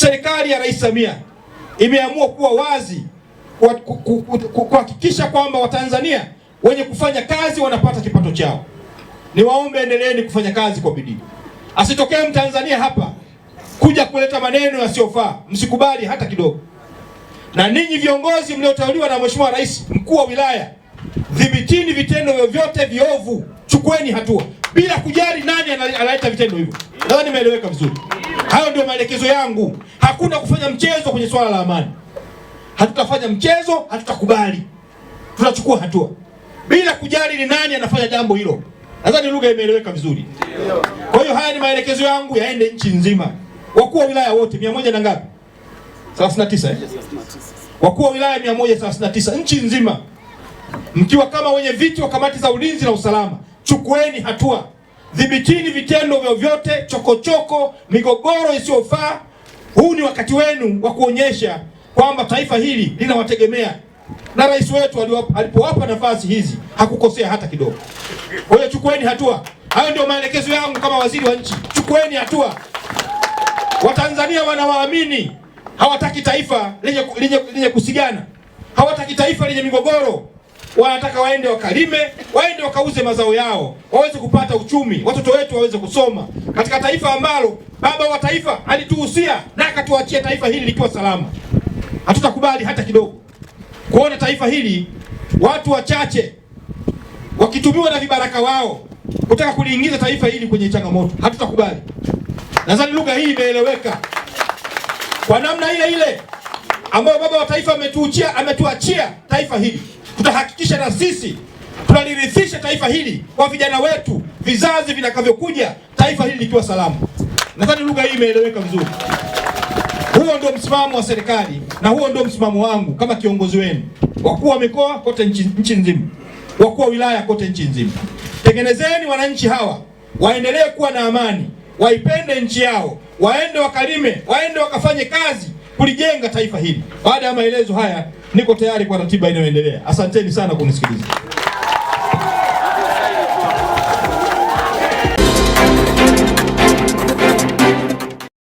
serikali ya Rais Samia imeamua kuwa wazi kuhakikisha kwamba Watanzania wenye kufanya kazi wanapata kipato chao. Niwaombe, endeleeni kufanya kazi kwa bidii. Asitokee Mtanzania hapa kuja kuleta maneno yasiyofaa, msikubali hata kidogo. Na ninyi viongozi mlioteuliwa na Mheshimiwa Rais, mkuu wa wilaya, dhibitini vitendo vyovyote viovu, chukueni hatua bila kujali nani analeta vitendo hivyo. Nadhani nimeeleweka vizuri. Hayo ndio maelekezo yangu. Hakuna kufanya mchezo kwenye swala la amani. Hatutafanya mchezo, hatutakubali, tutachukua hatua bila kujali ni nani anafanya jambo hilo. Nadhani lugha imeeleweka vizuri. Kwa hiyo haya ni maelekezo yangu yaende nchi nzima, wakuu wa wilaya wote mia moja na ngapi? 39 eh? Wakuu wa wilaya 139 nchi nzima, mkiwa kama wenye viti wa kamati za ulinzi na usalama, chukueni hatua. Dhibitini vitendo vyovyote, chokochoko, migogoro isiyofaa. Huu ni wakati wenu wa kuonyesha kwamba taifa hili linawategemea, na rais wetu alipowapa nafasi hizi hakukosea hata kidogo. Kwa hiyo chukueni hatua. Hayo ndio maelekezo yangu kama waziri wa nchi, chukueni hatua. Watanzania wanawaamini, hawataki taifa lenye kusigana, hawataki taifa lenye migogoro wanataka waende wakalime, waende wakauze mazao yao, waweze kupata uchumi, watoto wetu waweze kusoma katika taifa ambalo baba wa taifa alituhusia na akatuachia taifa hili likiwa salama. Hatutakubali hata kidogo kuona taifa hili watu wachache wakitumiwa na vibaraka wao kutaka kuliingiza taifa hili kwenye changamoto. Hatutakubali. Nadhani lugha hii imeeleweka kwa namna ile ile ambayo baba wa taifa ametuachia ametuachia taifa hili tutahakikisha na sisi tunalirithisha taifa hili kwa vijana wetu, vizazi vitakavyokuja, taifa hili likiwa salama. Nadhani lugha hii imeeleweka vizuri. Huo ndio msimamo wa serikali na huo ndio msimamo wangu kama kiongozi wenu, wakuu wa mikoa kote nchi, nchi nzima, wakuu wa wilaya kote nchi nzima. Tengenezeni wananchi hawa waendelee kuwa na amani, waipende nchi yao, waende wakalime, waende wakafanye kazi kulijenga taifa hili. Baada ya maelezo haya niko tayari kwa ratiba inayoendelea. Asanteni sana kunisikiliza.